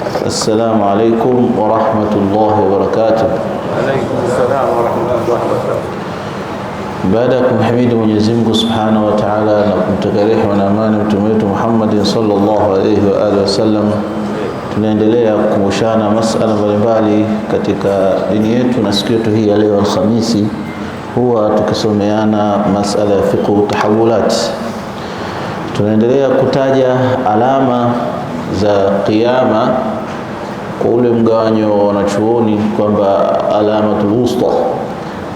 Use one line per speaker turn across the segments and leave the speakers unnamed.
Assalamu alaikum warahmatullahi wabarakatuh. Baada ya kumhimidi Mwenyezi Mungu Subhanahu wa Ta'ala na kumtakia rehema na amani mtume wetu Muhammad sallallahu alaihi wa alihi wasallam, tunaendelea kukumbushana masala mbalimbali katika dini yetu, na siku yetu hii ya leo Alhamisi huwa tukisomeana masala ya fiqhu tahawulat. Tunaendelea kutaja alama za kiyama kwa ule mgawanyo wa wanachuoni kwamba alamatul wusta,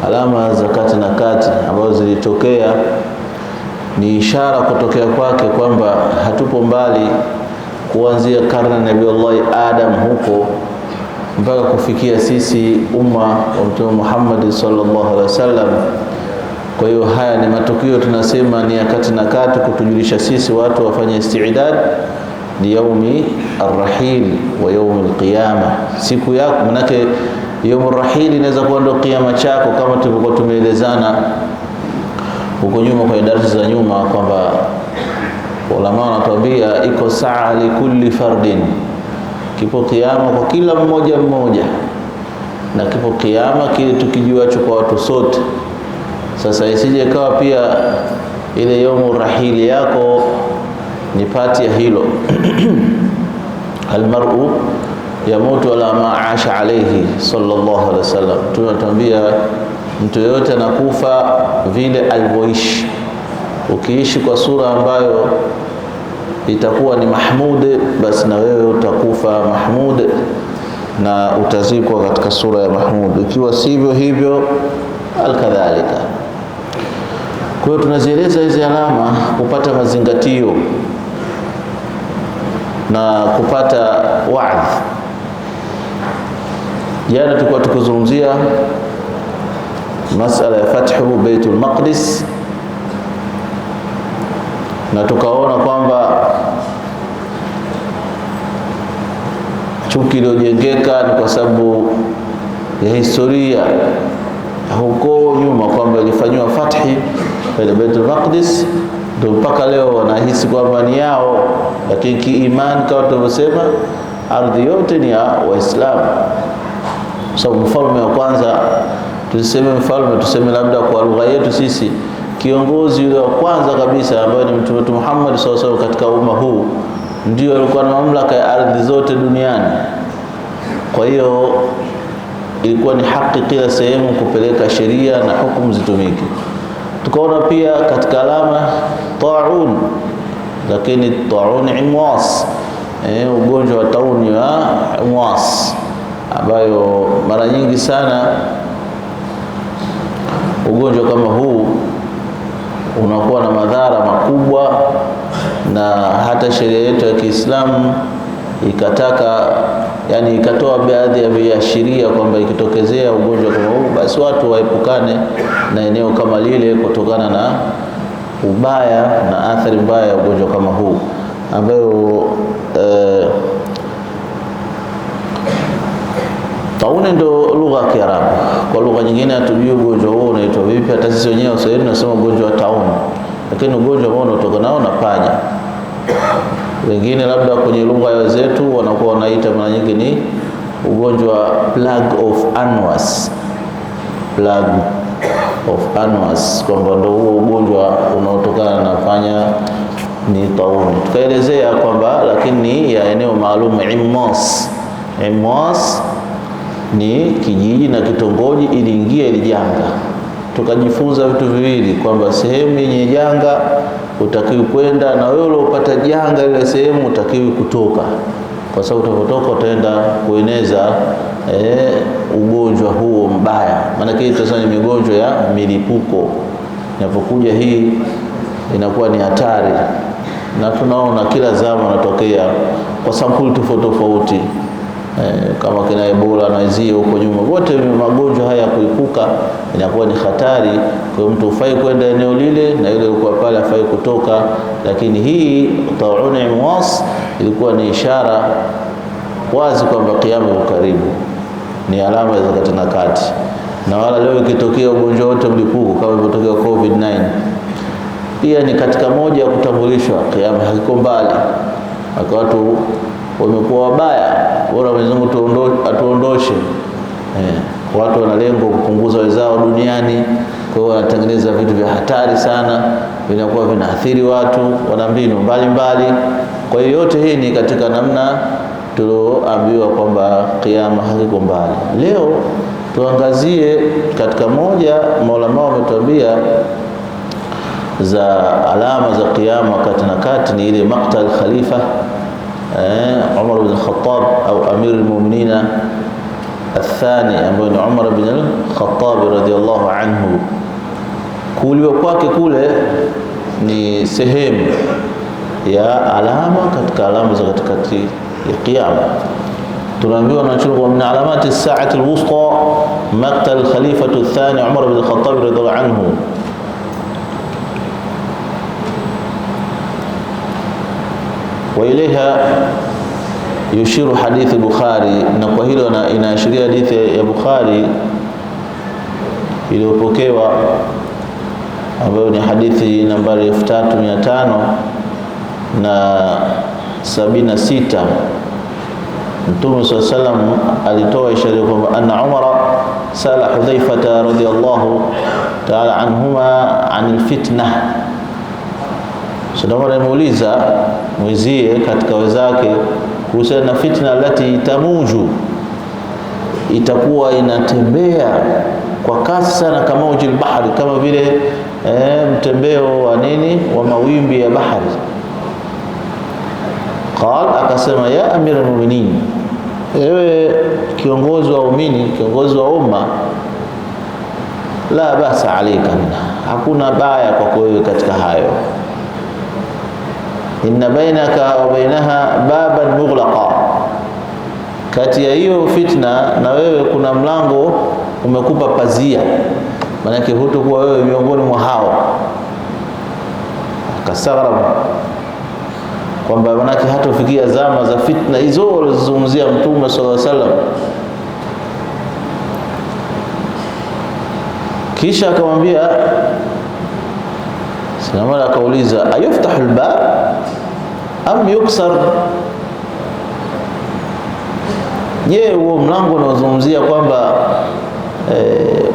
alama za kati na kati ambazo zilitokea ni ishara kutokea kwake kwamba hatupo mbali kuanzia karne Allah Adam huko mpaka kufikia sisi umma wa Mtume Muhammad sallallahu alaihi wasallam. Kwa hiyo haya ni matukio tunasema ni ya kati na kati kutujulisha sisi watu wafanye istidad ni yaumi arrahil wa yaumi alqiyama, siku yako. Manake yaumi arrahil inaweza kuwa ndio kiyama chako, kama tulivyokuwa tumeelezana huko nyuma kwenye darasa za nyuma, kwamba ulama wanatuambia iko saa likulli fardin, kipo kiyama kwa kila mmoja mmoja, na kipo kiyama kile tukijuacho kwa watu sote. Sasa isije ikawa pia ile yaumu rahili yako ni pati ya hilo almaru yamutu ala ma asha alayhi sallallahu alaihi wasallam. Mtume anatuambia mtu yoyote anakufa vile alivyoishi. Ukiishi kwa sura ambayo itakuwa ni mahmud, basi na wewe utakufa mahmud na utazikwa katika sura ya mahmud. Ikiwa sivyo hivyo, alkadhalika. Kwa hiyo tunazieleza hizi alama kupata mazingatio na kupata waadhi. Jana tulikuwa tukizungumzia masala ya fathu Baitul Maqdis na tukaona kwamba chuki iliyojengeka ni kwa sababu ya historia huko nyuma kwamba ilifanywa fathi Baitul Maqdis ndio mpaka leo wanahisi kwamba ni yao, lakini kiimani kama tunavyosema ardhi yote ni ya Waislamu. So mfalme wa kwanza tuseme mfalme, tuseme labda kwa lugha yetu sisi, kiongozi yule wa kwanza kabisa ambaye ni Mtume wetu Muhammad SAW katika umma huu, ndio alikuwa na mamlaka ya ardhi zote duniani. Kwa hiyo ilikuwa ni haki kila sehemu kupeleka sheria na hukumu zitumike. Tukaona pia katika alama taun, lakini taun imwas eh, ugonjwa wa tauni wa imwas ambayo mara nyingi sana ugonjwa kama huu unakuwa na madhara makubwa, na hata sheria yetu ya Kiislamu ikataka yani ikatoa baadhi ya viashiria kwamba ikitokezea ugonjwa kama huu, basi watu waepukane na eneo kama lile, kutokana na ubaya na athari mbaya ya ugonjwa kama huu ambayo eh, tauni ndo lugha ya Kiarabu. Kwa lugha nyingine hatujui ugonjwa huo unaitwa vipi, hata sisi wenyewe hivi tunasema ugonjwa wa tauni, lakini ugonjwa ambao unatokana nao na panya wengine labda kwenye lugha ya wenzetu wanakuwa wanaita mara nyingi ni ugonjwa plug of anus, plug of anus, kwamba ndio huo ugonjwa unaotokana na fanya ni tauni. Tukaelezea kwamba lakini ya eneo maalum immos, immos ni kijiji na kitongoji iliingia ilijanga tukajifunza vitu viwili, kwamba sehemu yenye janga utakiwi kwenda, na wewe uliopata janga ile sehemu utakiwi kutoka, kwa sababu utakotoka utaenda kueneza e, ugonjwa huo mbaya. Maanake sasa ni migonjwa ya milipuko, inapokuja hii inakuwa ni hatari, na tunaona kila zama natokea kwa sampuli tofauti tofauti. Eh, kama kina Ebola na zio huko nyuma, wote magonjwa haya kuipuka inakuwa ni hatari. Kwa mtu ufai kwenda eneo lile na yule alikuwa pale afai kutoka, lakini hii tauni imwas ilikuwa ni ishara wazi kwamba kiama karibu, ni alama za kati na kati, na wala leo ikitokea ugonjwa wote mlipuko kama ilivyotokea COVID-19 pia ni katika moja ya kutambulishwa kiama hakiko mbali, akawa watu wamekuwa wabaya bora Mwenyezi Mungu atuondoshe eh, watu wana lengo kupunguza wenzao duniani. Kwa hiyo wanatengeneza vitu vya hatari sana, vinakuwa vinaathiri watu, wana mbinu mbalimbali. Kwa hiyo yote hii ni katika namna tulioambiwa kwamba kiama hakiko mbali. Leo tuangazie katika moja, maulama wametuambia za alama za kiama kati na kati ni ile maktal khalifa عمر بن الخطاب أو أمير المؤمنين الثاني ambaye عمر بن الخطاب رضي الله عنه kuuliwa kwake kule ni sehemu ya alama katika alama za katikati ya kiyama tunaambiwa na chuo kwa min alamati saati alwusta maqtal khalifatu athani umar bin khattab radhiallahu anhu wa yushiru hadithi Bukhari, na kwa hilo inaashiria hadithi ya Bukhari iliyopokewa ambayo ni hadithi nambari 3500 na 76 Mtume swalla salam alitoa ishara kwamba anna Umara sala Hudhaifata radhiyallahu ta'ala anhuma anil fitna So ndio anamuuliza mwizie katika wenzake kuhusiana na fitna alati tamuju, itakuwa inatembea kwa kasi sana kama uji bahari, kama vile eh, mtembeo wa nini wa mawimbi ya bahari. Qal, akasema ya amira lmuminin ewe kiongozi wa umini kiongozi wa umma la basa minha hakuna baya kwako wewe katika hayo inna bainaka wa bainaha baban mughlaqa, kati ya hiyo fitna na wewe kuna mlango umekupa pazia, maanake hutokuwa wewe miongoni mwa hao. akastaghrab kwamba maanake hatofikia zama za fitna hizo walizozungumzia Mtume sallallahu alaihi wasallam. Kisha akamwambia Sinamala akauliza ayuftahu albab am yuksar, je, huo mlango unaozungumzia kwamba eh,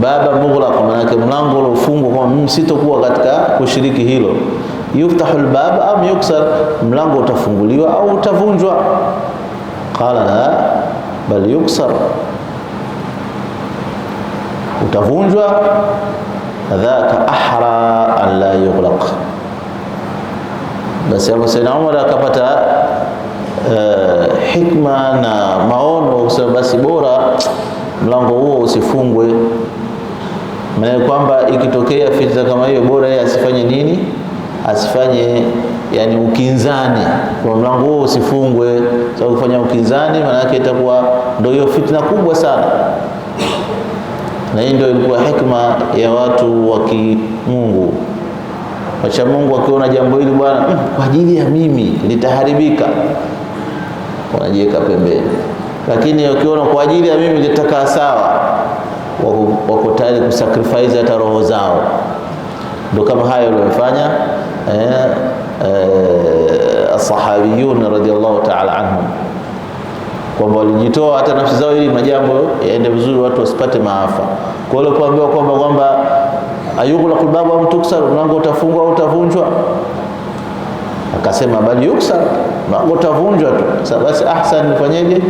baba mughlaq, maanake mlango uliofungwa kwa mimi sitokuwa katika kushiriki hilo. Yuftahu albab am yuksar, mlango utafunguliwa au utavunjwa? Qala la bal yuksar, utavunjwa dhaka ahra an la yughlaq. Basi hapo Sayyidna Umar akapata uh, hikma na maono kusema basi bora mlango huo usifungwe, maana kwamba ikitokea fitna kama hiyo bora yeye asifanye nini, asifanye yani ukinzani, kwa mlango huo usifungwe. Sababu kufanya ukinzani maana yake itakuwa ndio hiyo fitna kubwa sana. Na hii ndio ilikuwa hikma ya watu wa kimungu wacha Mungu, akiona jambo hili bwana, mm, kwa ajili ya mimi litaharibika, wanajiweka pembeni, lakini ukiona kwa ajili ya mimi litakaa sawa, wako tayari kusacrifice hata roho zao. Ndio kama hayo aliyofanya eh, eh, asahabiyun radiyallahu ta'ala anhum kwamba walijitoa hata nafsi zao ili majambo yaende vizuri, watu wasipate maafa. Kwa hiyo kuambiwa kwamba kwamba ayughlaqul babu am tuksar, mlango utafungwa au utavunjwa, akasema bali yuksar, mlango utavunjwa tu. Sasa basi ahsan nifanyeje?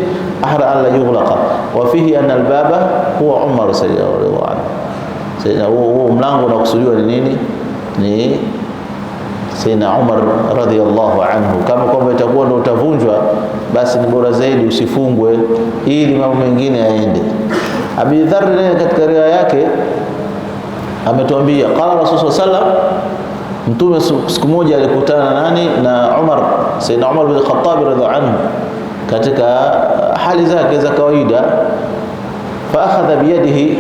ahra an la yughlaqa wa fihi anna albaba huwa Umar radhiyallahu anhu. Sasa huo mlango unakusudiwa ni nini? ni Sayyidina Umar radhiyallahu anhu, kama kwamba itakuwa ndo utavunjwa, basi ni bora zaidi usifungwe, ili mambo mengine yaende. Abi Dharr naye katika riwaya yake ametuambia qala Rasul sallallahu mtume siku moja alikutana nani na Umar, Sayyidina Umar bin Khattab radhiyallahu anhu, katika uh, hali zake za kawaida, fa akhadha biyadihi,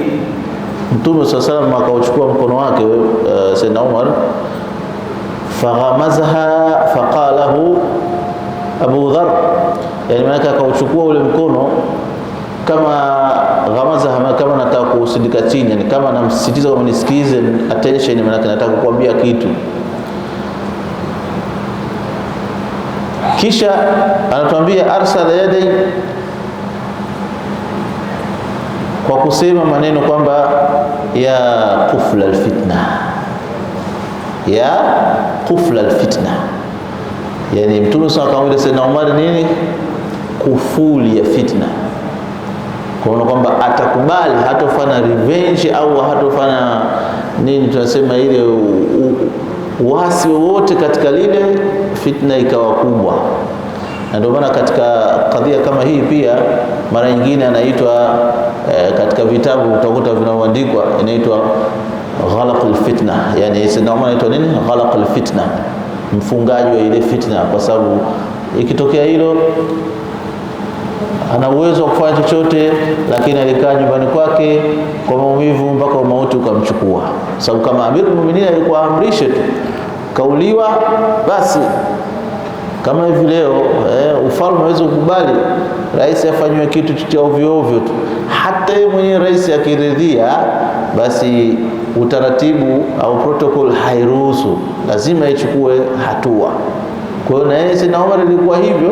mtume sallallahu alaihi wasallam akauchukua mkono wake, uh, Sayyidina Umar faghamazha faqalahu Abu Dhar, yani maana akauchukua ule mkono kama ghamazaha, kama nataka kuusindika chini, yani kama namsitiza kwamba nisikize, attention, maana nataka kukwambia kitu. Kisha anatuambia arsala yadai kwa kusema maneno kwamba ya kufla alfitna ya kufla alfitna, yani Mtume sana akamwambia Saidna Umar nini? Kufuli ya fitna, kuona kwamba atakubali hatofanya revenge au hatofanya nini, tunasema ile uasi wowote katika lile fitna ikawa kubwa. Na ndio maana katika kadhia kama hii pia mara nyingine anaitwa e, katika vitabu utakuta vinaoandikwa inaitwa ghalaqul fitna, yani Sayyidina Umar anaitwa nini? Ghalaqul fitna, mfungaji wa ile fitna, kwa sababu ikitokea hilo ana uwezo wa kufanya chochote, lakini alikaa nyumbani kwake kwa maumivu mpaka umauti ukamchukua, sababu kama Amirul Mu'minin alikuwa amrishe tu, kauliwa basi kama hivi leo eh, ufalme hawezi kukubali rais afanywe kitu cha ovyo ovyo tu. Hata yeye mwenyewe rais akiridhia, basi utaratibu au protocol hairuhusu, lazima ichukue hatua. Kwa hiyo na yeye Sayyidna Omar ilikuwa hivyo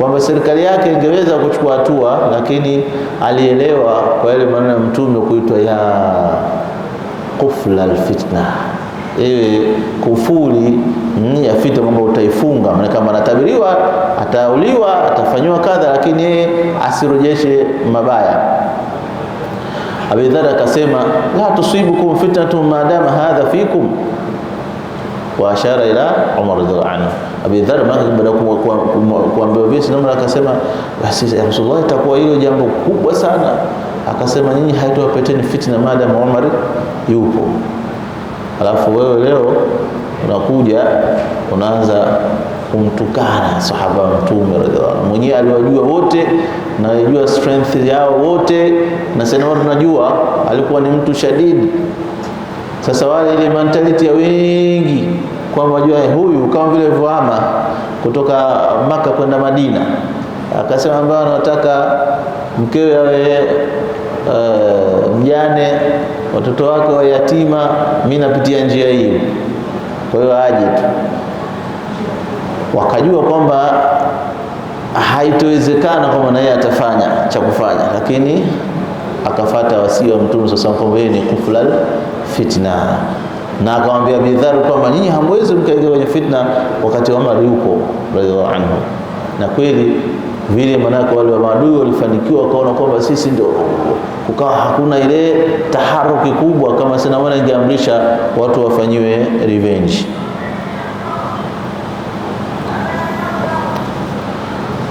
kwamba serikali yake ingeweza kuchukua hatua, lakini alielewa kwa yale maneno ya Mtume kuitwa ya kufla alfitna e, kufuri mm, afite kwamba utaifunga kama anatabiriwa atauliwa atafanywa kadha, lakini yeye asirejeshe mabaya. Abi Dharr akasema la tusibukum fitnatun madama hadha fikum wa ashara ila Umar radhiallahu anhu. Abi Dharr baada kuambiwa vile Umar akasema basi ya Rasulullah, itakuwa hilo jambo kubwa sana. Akasema nyinyi haitowapeteni fitna madama Umar yupo. Alafu wewe leo unakuja unaanza kumtukana sahaba wa Mtume radhiallahu anhu. Mwenyewe aliwajua wote na alijua strength yao wote, na sasa tunajua alikuwa ni mtu shadidi. Sasa wale ile mentality ya wengi kwamba jua eh, huyu kama vile vuama kutoka Maka kwenda Madina, akasema ambayo anataka mkewe awe Eh, mjane, uh, watoto wake wa yatima, mimi napitia njia hiyo, kwa hiyo aje tu. Wakajua kwamba haitowezekana kwamba naye atafanya cha kufanya, lakini akafata wasio wa Mtume sasa kwamba ni kuflal fitna, na akamwambia bidharu kwamba nyinyi hamwezi mkaingia kwenye fitna wakati wa Umar radhiallahu anhu, na kweli vile manake wale wa maadui walifanikiwa wakaona kwamba sisi ndio, kukawa hakuna ile taharuki kubwa kama sinamana ingeamrisha watu wafanyiwe revenge.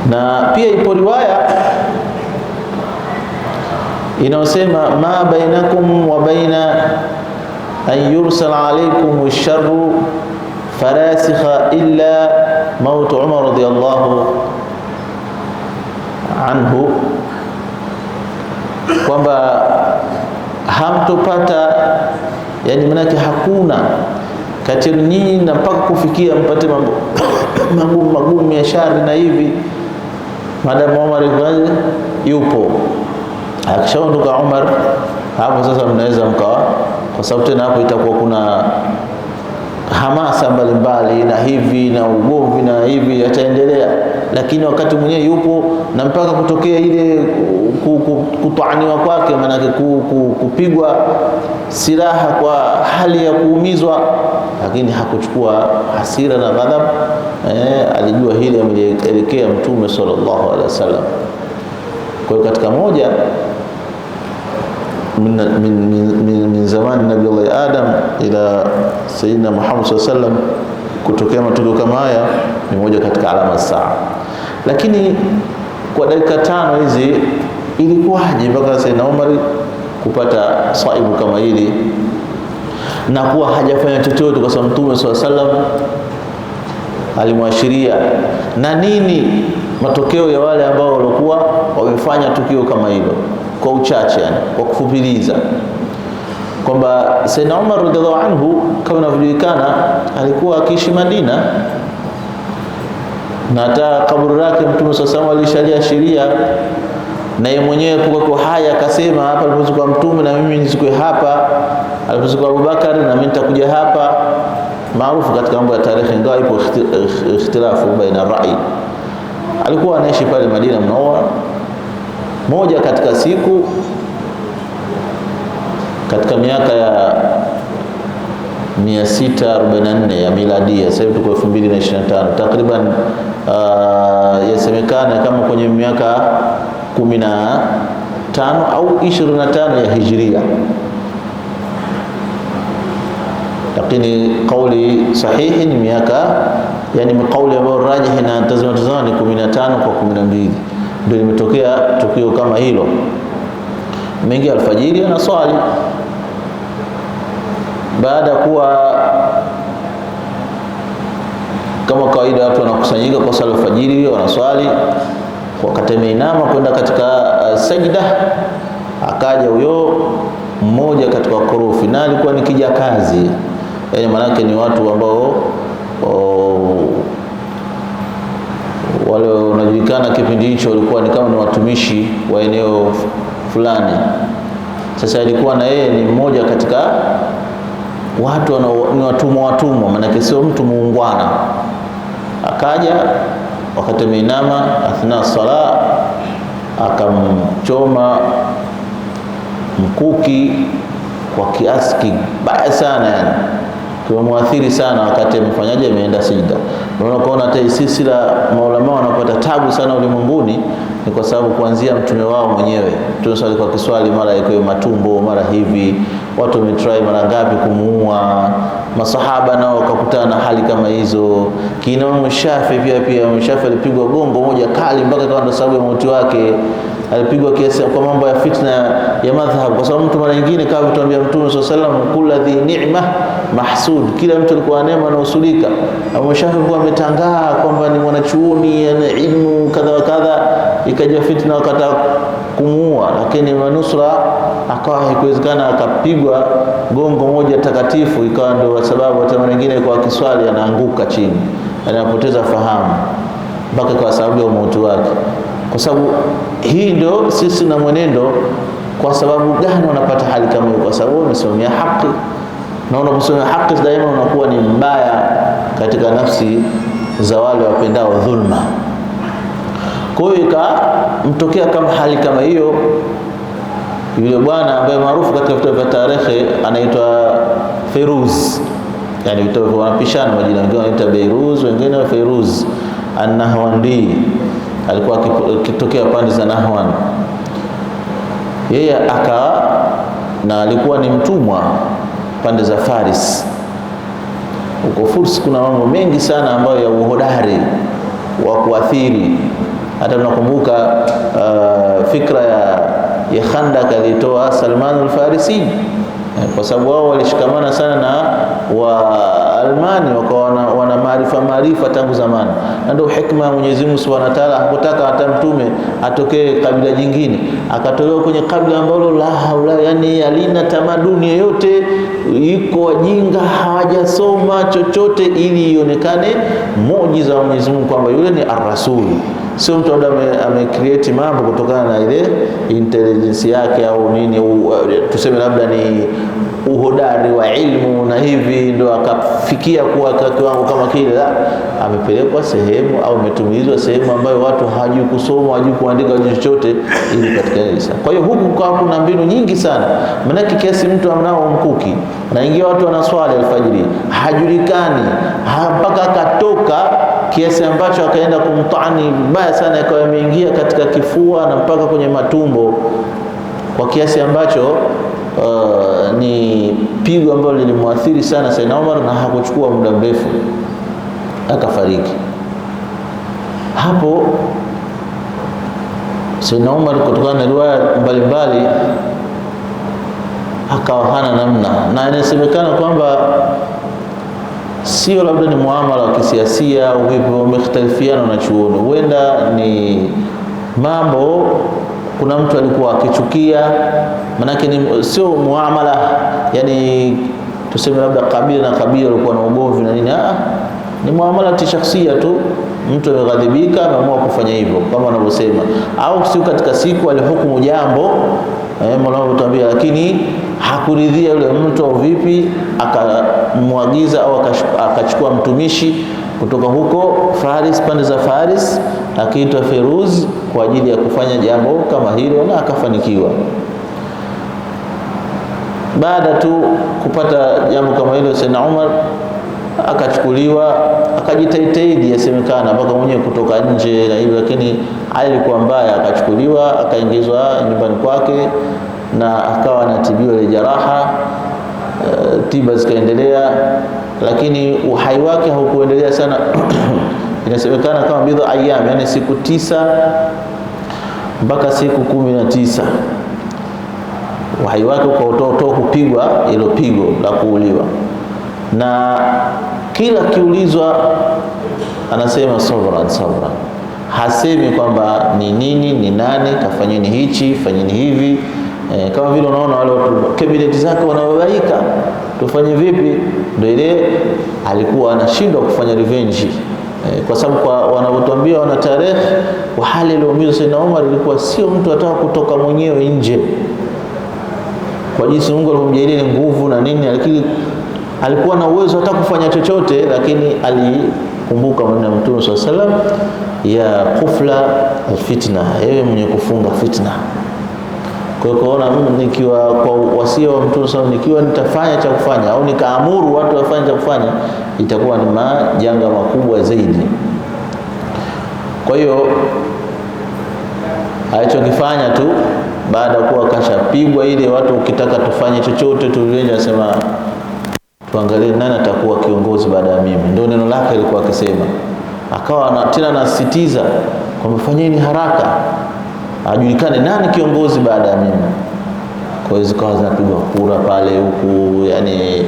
Na pia ipo riwaya inayosema ma bainakum wa baina an yursal alaykum ash farasikha illa mautu Umar radiyallahu anhu kwamba hamtopata yani, manake hakuna kati ya nyinyi na mpaka kufikia mpate mambo magumu magumu ya shari na hivi, madamu Umar yupo. Akishaondoka Umar, hapo sasa mnaweza mkawa, kwa sababu tena hapo itakuwa kuna hamasa mbalimbali na hivi na ugomvi na hivi yataendelea, lakini wakati mwenyewe yupo na mpaka kutokea ile kutwaniwa kwake, maanake kupigwa silaha kwa hali ya kuumizwa, lakini hakuchukua hasira na ghadhab. Eh, alijua hili amelielekea Mtume sallallahu alaihi wasallam. Kwa hiyo katika moja min, min, min, min zamani Nabii Allah Adam ila Sayyidina Muhammad sallallahu alaihi kutokea matukio kama haya ni moja katika alama saa. Lakini kwa dakika tano hizi ilikuwaje mpaka Sayyidina Umar kupata saibu kama hili na kuwa hajafanya chochote, kwa sababu Mtume sallallahu alaihi alimwashiria na nini matokeo ya wale ambao walikuwa wamefanya tukio kama hilo kwa uchache, yani kwa kufupiliza kwamba Saidna Umar radhiallahu anhu kama inavyojulikana alikuwa akiishi Madina na hata kaburi lake Mtume swalla Allahu alayhi wasallam na yeye mwenyewe kwa hai akasema, hapa alipozikwa Mtume na mimi nizikwe hapa, alipozikwa Abubakar na mimi nitakuja hapa. Maarufu katika mambo ya tarehe, ingawa ipo ikhtilafu baina rai. Alikuwa anaishi pale Madina Munawwara moja katika siku katika miaka ya 644 ya miladi, ya sasa tuko 2025 takriban, uh, yasemekana kama kwenye miaka 15 au 25 ya hijiria, lakini kauli sahihi ni miaka, yani kauli ambayo rajihi na tazama tazama ni 15 kwa 12 ndio limetokea tukio kama hilo. Mengi alfajiri anaswali baada ya kuwa kama kawaida watu wanakusanyika kwa sala alfajiri, wanaswali wakati ameinama kwenda katika uh, sajda, akaja huyo mmoja katika korofi, na alikuwa ni kijakazi, yani maanake ni watu ambao oh, wale wanajulikana kipindi hicho walikuwa ni kama ni watumishi wa eneo fulani. Sasa alikuwa na yeye ni mmoja katika watu ni watumwa, watumwa maanake sio mtu muungwana. Akaja wakati ameinama, athna sala akamchoma mkuki kwa kiasi kibaya sana yani kimemwathiri sana wakati amefanyaje, ameenda sijda. Unaona hata la maulama wanapata tabu sana ulimwenguni, ni kwa sababu kuanzia mtume wao mwenyewe tunaswali kwa kiswali, mara iko matumbo, mara hivi, watu wametrai mara ngapi kumuua. Masahaba nao wakakutana na hali kama hizo, kina Imam Shafi pia pia Imam Shafi alipigwa gongo moja kali mpaka kwa sababu ya mauti wake alipigwa kiasi kwa mambo ya fitna ya madhhab, kwa sababu mtu mara nyingine kama tuambia Mtume swalla sallam, kula dhi ni'ma mahsud, kila mtu alikuwa neema na usulika, ameshaka kuwa ametangaa kwamba ni mwanachuoni ana ilmu kadha wa kadha, ikaja fitna wakata kumuua, lakini manusura akawa haikuwezekana, akapigwa gongo moja takatifu, ikawa ndio sababu hata mara nyingine kwa kiswali anaanguka chini, anapoteza fahamu mpaka kwa sababu ya umauti wake kwa sababu hii ndio sisi na mwenendo. Kwa sababu gani unapata hali kama hiyo? Kwa sababu umesimamia haki, na unaposimamia haki daima unakuwa ni mbaya katika nafsi za wale wapendao dhulma. Kwa hiyo ikamtokea kama hali kama hiyo yule bwana ambaye maarufu katika vitabu vya tarehe anaitwa Feruz, yani vitabu wanapishana majina, wengine wanaita Beiruz, wengine Firuz An-Nahwandi alikuwa akitokea pande za Nahwan, yeye aka na alikuwa ni mtumwa pande za Faris. Huko Furs kuna mambo mengi sana ambayo ya uhodari wa kuathiri. Hata tunakumbuka uh, fikra ya, ya Khandak alitoa Salman al-Farisi Eh, kwa sababu wao walishikamana sana na Waalmani, wakawa wana maarifa maarifa tangu zamani, na ndio hikma ya Mwenyezi Mungu Subhanahu wa Ta'ala. Hakutaka hata mtume atokee kabila jingine, akatolewa kwenye kabila ambalo la haula, yani halina tamaduni yoyote, iko wajinga, hawajasoma chochote, ili ionekane muujiza wa Mwenyezi Mungu kwamba yule ni arrasuli Sio mtu labda amecreate mambo kutokana na ile intelligence yake au nini, eh, tuseme labda ni uhodari wa ilmu na hivi ndo akafikia kuwa kiwango kama kile, la amepelekwa sehemu au ametumizwa sehemu ambayo watu hawajui kusoma, hawajui kuandika, hawajui chochote ili katika Isa. Kwa hiyo huku kwa kuna mbinu nyingi sana, maanake kiasi mtu anao mkuki na ingia watu wanaswali alfajiri, hajulikani mpaka akatoka kiasi ambacho akaenda kumtani mbaya sana, akawa ameingia katika kifua na mpaka kwenye matumbo kwa kiasi ambacho uh, ni pigo ambalo lilimwathiri sana Saidna Omar na hakuchukua muda mrefu akafariki. Hapo Saidna Omar kutokana na riwaya mbalimbali akawa hana namna, na inasemekana kwamba sio labda ni muamala wa kisiasia, wamekhtalifiana na chuoni, huenda ni mambo kuna mtu alikuwa akichukia, manake ni sio muamala, yani tuseme labda kabila na kabila alikuwa na ugomvi na nini. Ah, ni muamala tishakhsia tu, mtu ameghadhibika, ameamua kufanya hivyo kama wanavyosema, au sio? Katika siku alihukumu jambo eh, lakini hakuridhia yule mtu au vipi, akamwagiza au akachukua mtumishi kutoka huko Faris, pande za Faris akiitwa Feruz kwa ajili ya kufanya jambo kama hilo na akafanikiwa. Baada tu kupata jambo kama hilo, Saidna Umar akachukuliwa akajitahidi, yasemekana mpaka mwenyewe kutoka nje na hivyo, lakini hali ilikuwa mbaya. Akachukuliwa akaingizwa nyumbani kwake na akawa anatibiwa ile jeraha. E, tiba zikaendelea, lakini uhai wake haukuendelea sana inasemekana kama bidha ayyam, yani siku tisa mpaka siku kumi na tisa uhai wake kwa utoto hupigwa ilo pigo la kuuliwa, na kila kiulizwa anasema sabran sabran, hasemi kwamba ni nini ni nani kafanyeni hichi fanyeni hivi. E, kama vile unaona wale kabineti zake wanababaika, tufanye vipi? Ndio ile alikuwa anashindwa kufanya revenge eh, kwa sababu kwa wanavyotuambia wana tarehe wa hali iliyomuumiza Saidna Umar ilikuwa sio mtu ataka kutoka mwenyewe nje kwa jinsi Mungu alivyomjalia nguvu na nini, lakini alikuwa na uwezo hata kufanya chochote, lakini alikumbuka maneno ya Mtume alaihi wasallam ya kufla alfitna, ewe mwenye kufunga fitna kwa hiyo kuona mimi nikiwa kwa wasia wa Mtume SAW, nikiwa nitafanya cha kufanya au nikaamuru watu wafanye cha kufanya, itakuwa ni majanga makubwa zaidi. Kwa hiyo alichokifanya tu baada ya kuwa kashapigwa ile, watu ukitaka tufanye chochote tulienje, wasema tuangalie nani atakuwa kiongozi baada ya mimi, ndio neno lake alikuwa akisema. Akawa na, tena anasisitiza kwamba fanyeni haraka ajulikane nani kiongozi baada ya mimi. Kwa hiyo zikawa zinapigwa kura pale huku, yani e,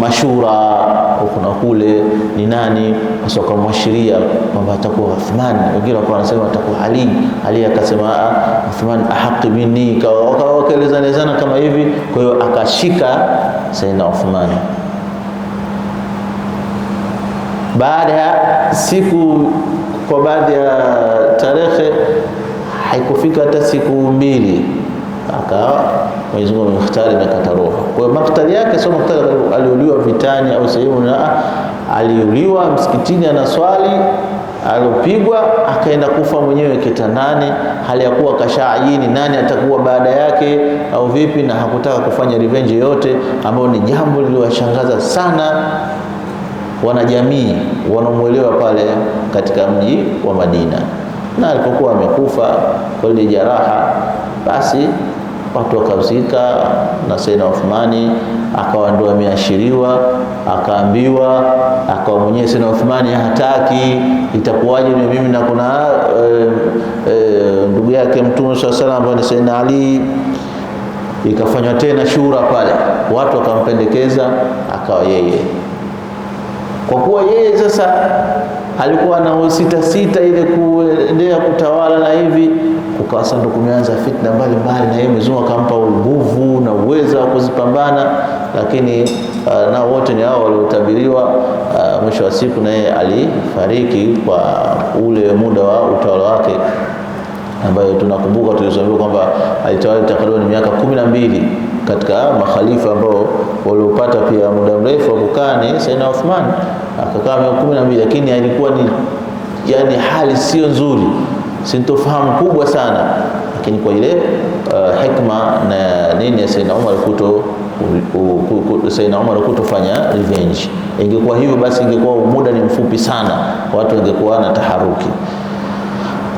mashura huku na kule, ni nani hasa akamwashiria kwamba atakuwa Uthman. Wengine wakawa wanasema atakuwa Ali, Ali akasema ah, Uthman ahaqi minni, wakaelezana kama hivi. Kwa hiyo akashika Sayyidina Uthman baada ya siku, kwa baadhi ya tarehe haikufika hata siku mbili akawa Mwenyezi Mungu amemhtari na kata roho. Kwa hiyo maktari yake sio maktari aliuliwa vitani au sehemu na aliuliwa msikitini anaswali, alopigwa akaenda kufa mwenyewe kitandani, hali ya kuwa kashaajini nani atakuwa baada yake au vipi, na hakutaka kufanya revenge yote, ambayo ni jambo liliwashangaza sana wanajamii wanaomwelewa pale katika mji wa Madina na alipokuwa amekufa kweli jaraha basi watu wakazika na Saidina Uthmani akawa ndo ameashiriwa, akaambiwa, akawa mwenyewe Saidina Uthmani hataki, itakuwaje ni mimi na kuna e, e, ndugu yake Mtume swalla salam ambaye ni Saidina Ali. Ikafanywa tena shura pale, watu wakampendekeza akawa yeye, kwa kuwa yeye sasa alikuwa na usita sita ile kuendelea kutawala na hivi, kukawa sasa ndo kumeanza fitna mbalimbali, na yeye Mwenyezi Mungu akampa nguvu na uwezo wa kuzipambana, lakini uh, nao wote ni hao waliotabiriwa. Uh, mwisho wa siku naye alifariki kwa ule muda wa utawala wake, ambayo tunakumbuka tulizoambiwa kwamba alitawala takriban miaka kumi na mbili katika makhalifa ambao waliopata pia muda mrefu wa kukaa ni Saidna Uthman, akakaa miaka kumi na mbili, lakini alikuwa ni yani hali sio nzuri, sintofahamu kubwa sana, lakini kwa ile uh, hikma na nini ya Saidna Umar kuto Saidna Umar kutofanya revenge. Ingekuwa hivyo basi, ingekuwa muda ni mfupi sana, watu wangekuwa na taharuki,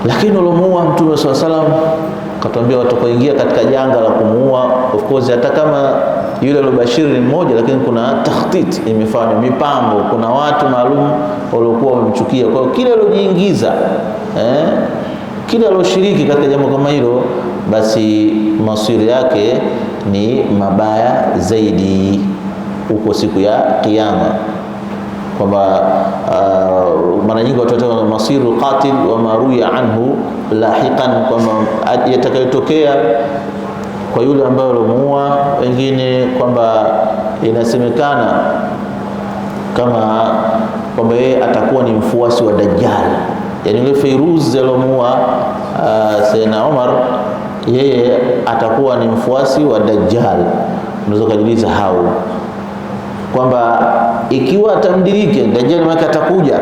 lakini ulomuua Mtume swalla Akatuambia kuingia katika janga la kumuua. Of course hata kama yule alobashiri ni mmoja, lakini kuna takhtit imefanywa, mipango, kuna watu maalum waliokuwa wamemchukia. Kwa hiyo kile alojiingiza eh, kile aloshiriki katika jambo kama hilo, basi masiri yake ni mabaya zaidi huko siku ya Kiyama kwamba uh, mara nyingi watu wanasema masiru qatil wa maruya anhu lahiqan, kwamba yatakayotokea kwa yule ambaye alomuua, wengine kwamba inasemekana kama kwamba yeye atakuwa ni mfuasi wa Dajjal. Yani yule Feiruz alomuua uh, Sayyidina Omar, yeye atakuwa ni mfuasi wa Dajjal. Unaweza kujiuliza hao kwamba ikiwa atamdiriki Dajjal maana atakuja,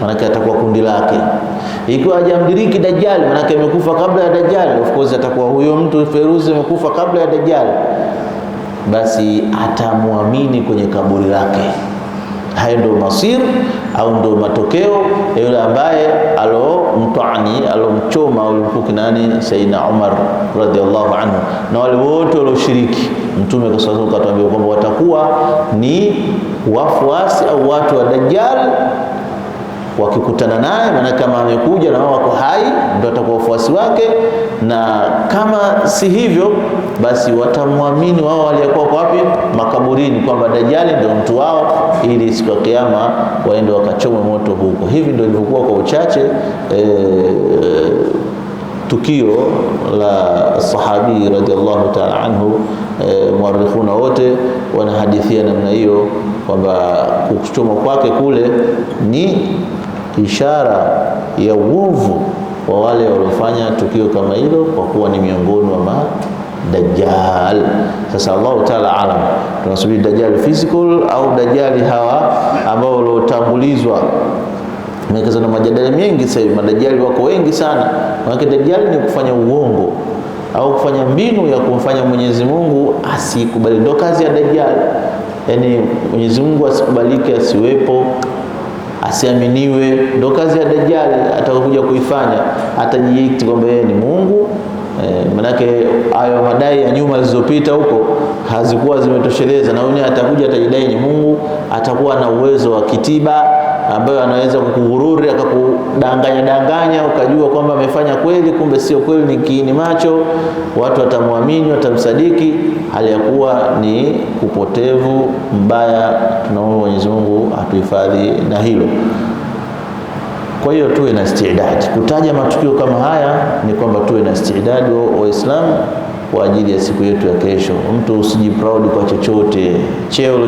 maana atakuwa kundi lake. Ikiwa hajamdiriki Dajjal maana amekufa kabla ya Dajjal, of course atakuwa huyo mtu Feruzi amekufa kabla ya Dajjal, basi atamwamini kwenye kaburi lake. Hayo ndio masir au ndio matokeo ya yule ambaye alomtwani alomchoma ulikuwa nani, Saidina Umar radhiallahu anhu na wale wote walioshiriki Mtume kwa sababu katuambia kwamba watakuwa ni wafuasi au watu wa Dajjal wakikutana naye, maana kama amekuja na wao wako hai, ndio watakuwa wafuasi wake, na kama si hivyo, basi watamwamini wao waliokuwa kwa wapi makaburini, kwamba Dajjali ndio mtu wao, ili siku ya Kiyama waende wakachomwe moto huko. Hivi ndio ilivyokuwa kwa uchache e, tukio la sahabi radhiallahu ta'ala anhu. E, wote wanahadithia namna hiyo kwamba kuchomwa kwake kule ni ishara ya uovu wa wale waliofanya tukio kama hilo, kwa kuwa ni miongoni wa Dajjal. Sasa Allahu taala alam, tunasubiri Dajjal physical au Dajjali hawa ambao waliotambulizwa Mekeza na majadala mengi sasa hivi, madajali wako wengi sana. Maana dajali ni kufanya uongo au kufanya mbinu ya kumfanya Mwenyezi Mungu asikubali, ndio kazi ya dajali. Yaani Mwenyezi Mungu asikubalike, asiwepo, asiaminiwe, ndio kazi ya dajali atakuja kuifanya. Atajiiti kwamba yeye ni Mungu e, eh, manake hayo madai ya nyuma zilizopita huko hazikuwa zimetosheleza, na yeye atakuja atajidai ni Mungu, atakuwa na uwezo wa kitiba ambayo anaweza kukughururi akakudanganya danganya, ukajua kwamba amefanya kweli, kumbe sio kweli, ni kiini macho. Watu watamwamini, watamsadiki, hali ya kuwa ni upotevu mbaya. Tunaomba Mwenyezi Mungu atuhifadhi na hilo. Kwa hiyo tuwe na istidadi kutaja matukio kama haya, ni kwamba tuwe na istidadi Waislamu kwa ajili ya siku yetu ya kesho. Mtu usijiproud kwa chochote cheo